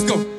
Let's go.